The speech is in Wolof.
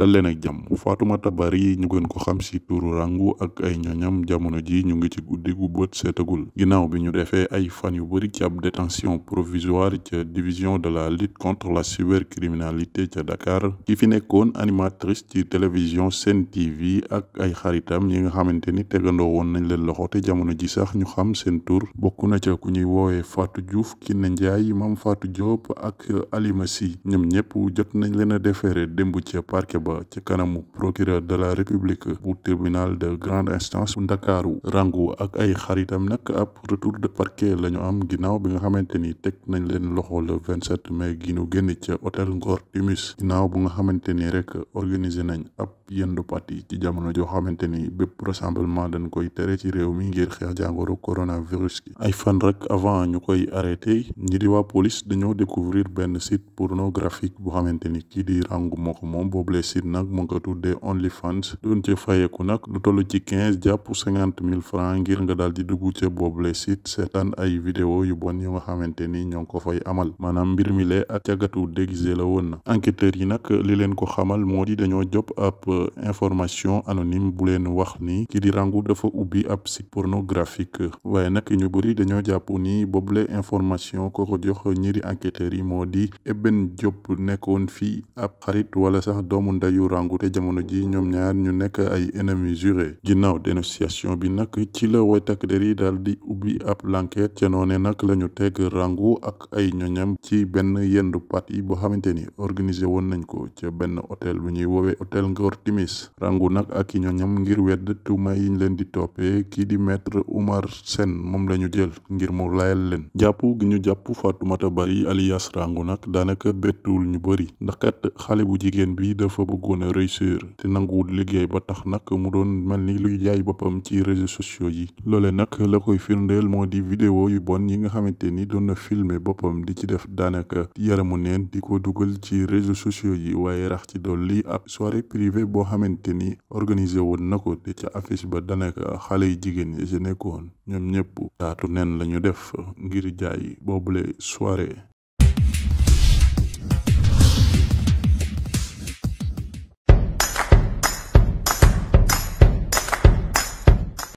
dal leen jam jàmm Fatoumata Bari ñu gën ko xam si turu rangu ak ay ñoñam jamono ji ñu ngi ci guddi gu bët seetagul ginnaaw bi ñu defee ay fan yu bëri ci ab détention provisoire ca division de la lutte contre la cybercriminalité ca Dakar ki fi nekkoon animatrice ci télévision Sen TV ak ay xaritam ñi nga xamante ni tegandoo woon nañ leen loxo te jamono ji sax ñu xam seen tur bokk na ca ku ñuy woowee Fatou ki Kiné Ndiaye Mame Fatou Diop ak Alima Sy ñoom ñëpp jot nañ leen a defeere démb ca parquet ba ci kanamu procureur de la république bu tribunal de grande instance bu ndakaaru rangu ak ay xaritam nag ab retour de parquet la ñu am ginnaaw bi nga xamante ni teg nañ leen loxo le 27 mai gi ñu génn ca hôtel Ngor Timis ginnaaw bu nga ni rek organiser nañ ab yendu parti ci jamono joo xamante ni bépp rassemblement dañ koy tere ci réew mi ngir xeex jàngoro coronavirus gi ay fan rek avant ñu koy arrêté ñi di waa police dañoo découvrir benn site pornographique bu xamante ni kii site nag mu ngi ko tuddee OnlyFans doon ci fayeeku nag lu toll ci quinze jàpp cinquante mille francs ngir nga daal di dugg ca boobule site seetaan ay vidéo yu bon yu nga xamante ni ñoo ngi ko fay amal maanaam mbir mi lee ak cagatu déguisé la woon na enquêteurs yi nag li leen ko xamal moo di dañoo jop ab euh, information anonyme bu leen wax ni ki di rangu dafa ubbi ab site pornographique waaye nag ñu bëri dañoo jàpp ni boobule information ko ko jox ñiri enquêteurs yi moo di Eben Diop nekkoon fii ab xarit wala sax ndayu rangu te jamono ji ñoom ñaar ñu nekk ay ennemis jurés ginnaaw dénonciation bi nag ci la way takk der yi daal di ubbi ab l'enquête ca noonee nag la ñu teg rangu ak ay ñoñam ci benn yendu parti boo xamante ni organisé woon nañ ko ca benn hôtel bu ñuy woowee hôtel Ngor Timis rangu nag ak i ñoñam ngir wedd tuuma yiñ leen di toppee kii di maître Oumar seen moom la ñu jël ngir mu layal leen jàpp ñu jàpp Fatoumata Bari alias rangu nag daanaka bettuwul ñu bëri ndax kat xale bëggoon a réussir te nanguwul liggéey ba tax nag mu doon mel ni luy jaay boppam ci réseaux sociaux yi loole nag la koy firndeel moo di vidéo yi bon yi nga xamante ni doon na filmer boppam di ci def daanaka yaramu neen di ko dugal ci réseaux sociaux yi waaye rax ci dolli ab soirée privée boo xamante ni organisé woon na ko te ca affiche ba daanaka xale yi jigéen yi si nekkoon ñoom ñëpp taatu neen la ñu def ngir jaay boobule soirée